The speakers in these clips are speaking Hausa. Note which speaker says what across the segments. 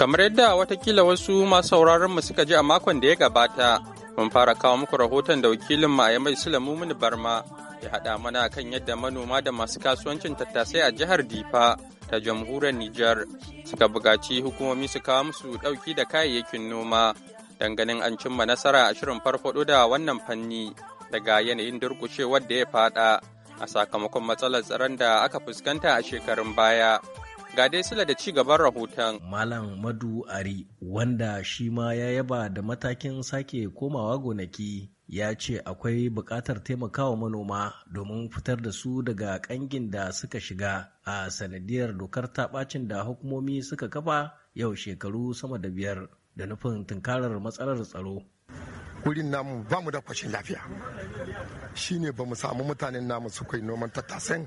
Speaker 1: Kamar yadda watakila wasu masu sauraron mu suka ji a makon da ya gabata, mun fara kawo muku rahoton da wakilin mu a Yamai Sulamumin Barma ya haɗa mana kan yadda manoma da masu kasuwancin tattasai a jihar Difa ta jamhuriyar Nijar suka buƙaci hukumomi su kawo musu ɗauki da kayayyakin noma dangane an cimma nasara a shirin farfaɗo da wannan fanni daga yanayin durƙushewar da ya faɗa a sakamakon matsalar tsaron da aka fuskanta a shekarun baya. Ga dai sila da ci gaban rahoton.
Speaker 2: Malam Madu Ari wanda shi ma ya yaba da matakin sake komawa gonaki ya ce akwai buƙatar taimakawa manoma domin fitar da su daga ƙangin da suka shiga a sanadiyar dokar taɓacin da hukumomi suka kafa yau shekaru sama da biyar da nufin tunkarar matsalar tsaro. Wurin namu ba mu da kwashin lafiya
Speaker 3: shi ne ba mu samu mutanen namu su kai noman tattasen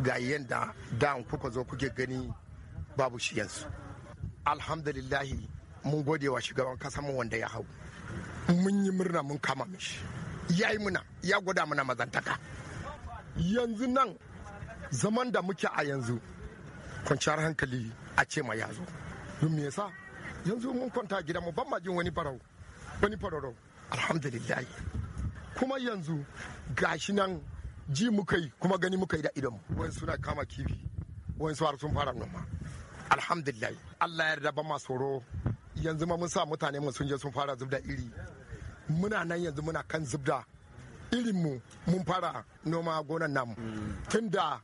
Speaker 3: ga yadda da kuka zo kuke gani babu shi yanzu alhamdulillahi mun gode wa shugaban kasa mu wanda ya hau mun yi murna mun kama mishi ya yi muna ya gwada mana mazantaka yanzu nan zaman da muke a yanzu kwanciyar hankali a ce ma ya zo don me yasa yanzu mun kwanta gida mu ban jin wani barau wani fararau alhamdulillahi kuma yanzu gashi nan ji muka yi kuma gani muka yi da idon wani suna kama kifi wani su sun fara noma alhamdulillah allah ya yarda ba tsoro yanzu ma mun sa mutane mu sun je sun fara zubda iri muna nan yanzu muna kan zubda irinmu mun fara noma gonan namu tun da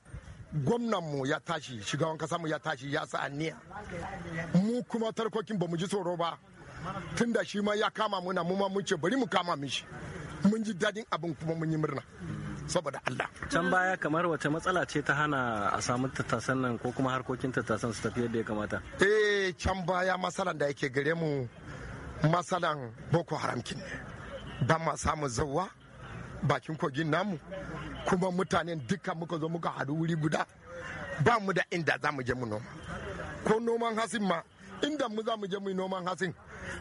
Speaker 3: gwamnanmu ya tashi shugaban kasanmu ya tashi ya sa aniya mu kuma tarkokin ba mu ji tsoro ba tun da shi ma ya kama muna mu ma mun ce bari mu kama mishi mun ji dadin abin kuma mun yi murna saboda Allah
Speaker 2: can baya kamar wace matsala ce ta hana a samu tattasan nan ko kuma harkokin tattasan su tafi yadda ya kamata eh can baya matsalan da yake gare mu
Speaker 3: matsalan boko haram kin ba ma samu zawwa bakin kogin namu kuma mutanen duka muka zo muka hadu wuri guda ba mu da inda za mu je mu noma ko noman hasin ma inda mu za mu je mu noman hasin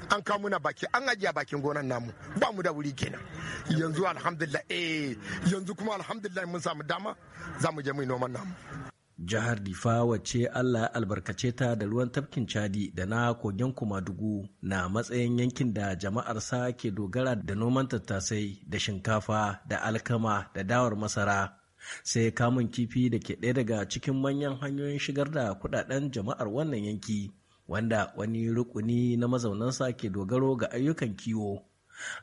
Speaker 3: an kawo muna baki an ajiye bakin gonan namu ba mu da wuri kenan yanzu alhamdulillah eh yanzu kuma alhamdulillah mun samu dama za mu je mu noman namu
Speaker 2: jihar difa wacce allah ya albarkace ta da ruwan tafkin chadi da na kogin kumadugu na matsayin yankin da jama'ar sa ke dogara da noman tattasai da shinkafa da alkama da dawar masara sai kamun kifi da ke ɗaya daga cikin manyan hanyoyin shigar da kudaden jama'ar wannan yanki wanda wani rukuni na mazaunansa ke dogaro ga ayyukan kiwo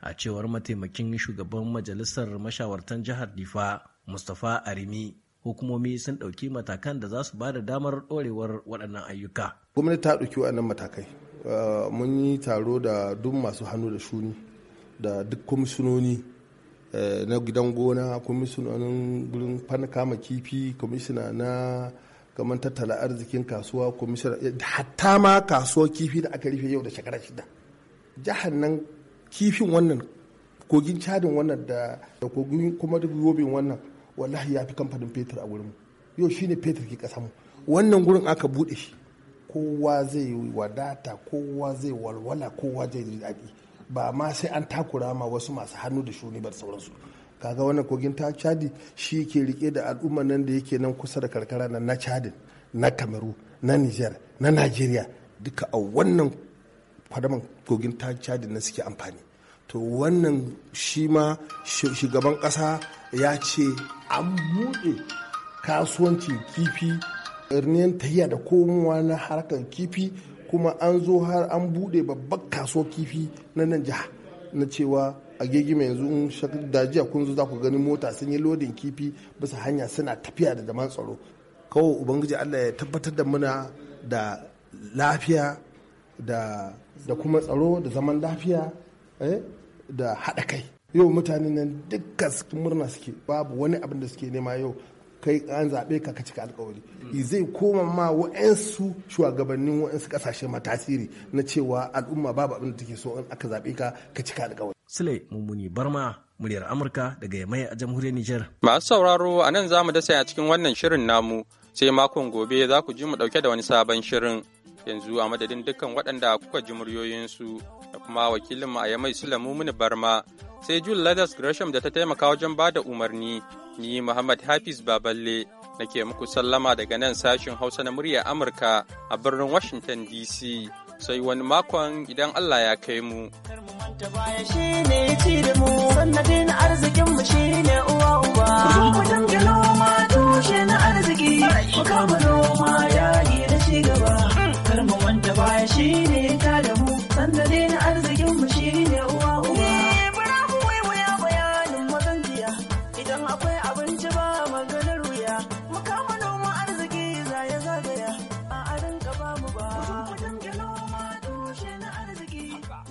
Speaker 2: a cewar mataimakin shugaban majalisar mashawartan jihar difa mustapha arimi hukumomi sun ɗauki matakan da za su ba da damar ɗorewar waɗannan ayyuka
Speaker 4: gwamnati ta ɗauki waɗannan matakai uh, mun yi taro da duk masu hannu da shuni da duk kwamishinoni uh, na gidan gona kwamishinonin gurin kama kifi kwamishina na kamar tattala arzikin kasuwa kwamishinar hatta ma kasuwar kifi da aka rufe yau da shekara shida jihar nan kifin wannan kogin cadin wannan da kogin kuma da yobin wannan wallahi ya fi kamfanin fetur a wurin yau shine fetur ke mu wannan gurin aka bude shi kowa zai wadata kowa zai walwala kowa zai daɗi ba ma sai an takura ma wasu masu hannu da shuni ba da sauransu kaga wannan kogin ta chadi shi ke rike da al'umma nan da yake nan kusa da karkara na chadin na kamaru na niger na nigeria duka a wannan kwadaman kogin ta chadin na suke amfani to wannan shi ma shugaban kasa ya ce an buɗe kasuwanci kifi irniyan tahiya da komowa na harkar kifi kuma an zo har an buɗe babbar kasuwar kifi na nan jiha na cewa a gegime yanzu in dajiya kun zo za ku gani mota sun yi lodin kifi bisa hanya suna tafiya da daman tsaro kawai ubangiji allah ya tabbatar da muna da lafiya da kuma tsaro da zaman lafiya eh, da haɗa kai yau mutanen nan dukkan murna suke babu wani abin da suke nema yau kai an zaɓe ka ka cika alkawari zai koma ma wa'ansu shugabannin wa'ansu ƙasashe ma tasiri na cewa al'umma babu abin da take
Speaker 2: so in aka zaɓe ka ka cika alkawari sule mummuni barma muryar amurka daga yamai a jamhuriyar nijar.
Speaker 1: masu sauraro a nan za mu dasa a cikin wannan shirin namu sai makon gobe za ku ji mu ɗauke da wani sabon shirin yanzu a madadin dukkan waɗanda kuka ji muryoyinsu da kuma wakilinmu a yamai sule mummuni barma sai Jul Ladas Gresham da ta taimaka wajen ba da umarni, ni Muhammad Hafiz Baballe na ke muku sallama daga nan sashin Hausa na murya Amurka a birnin Washington DC. Sai wani makon idan Allah ya kai mu.
Speaker 2: uwa uba,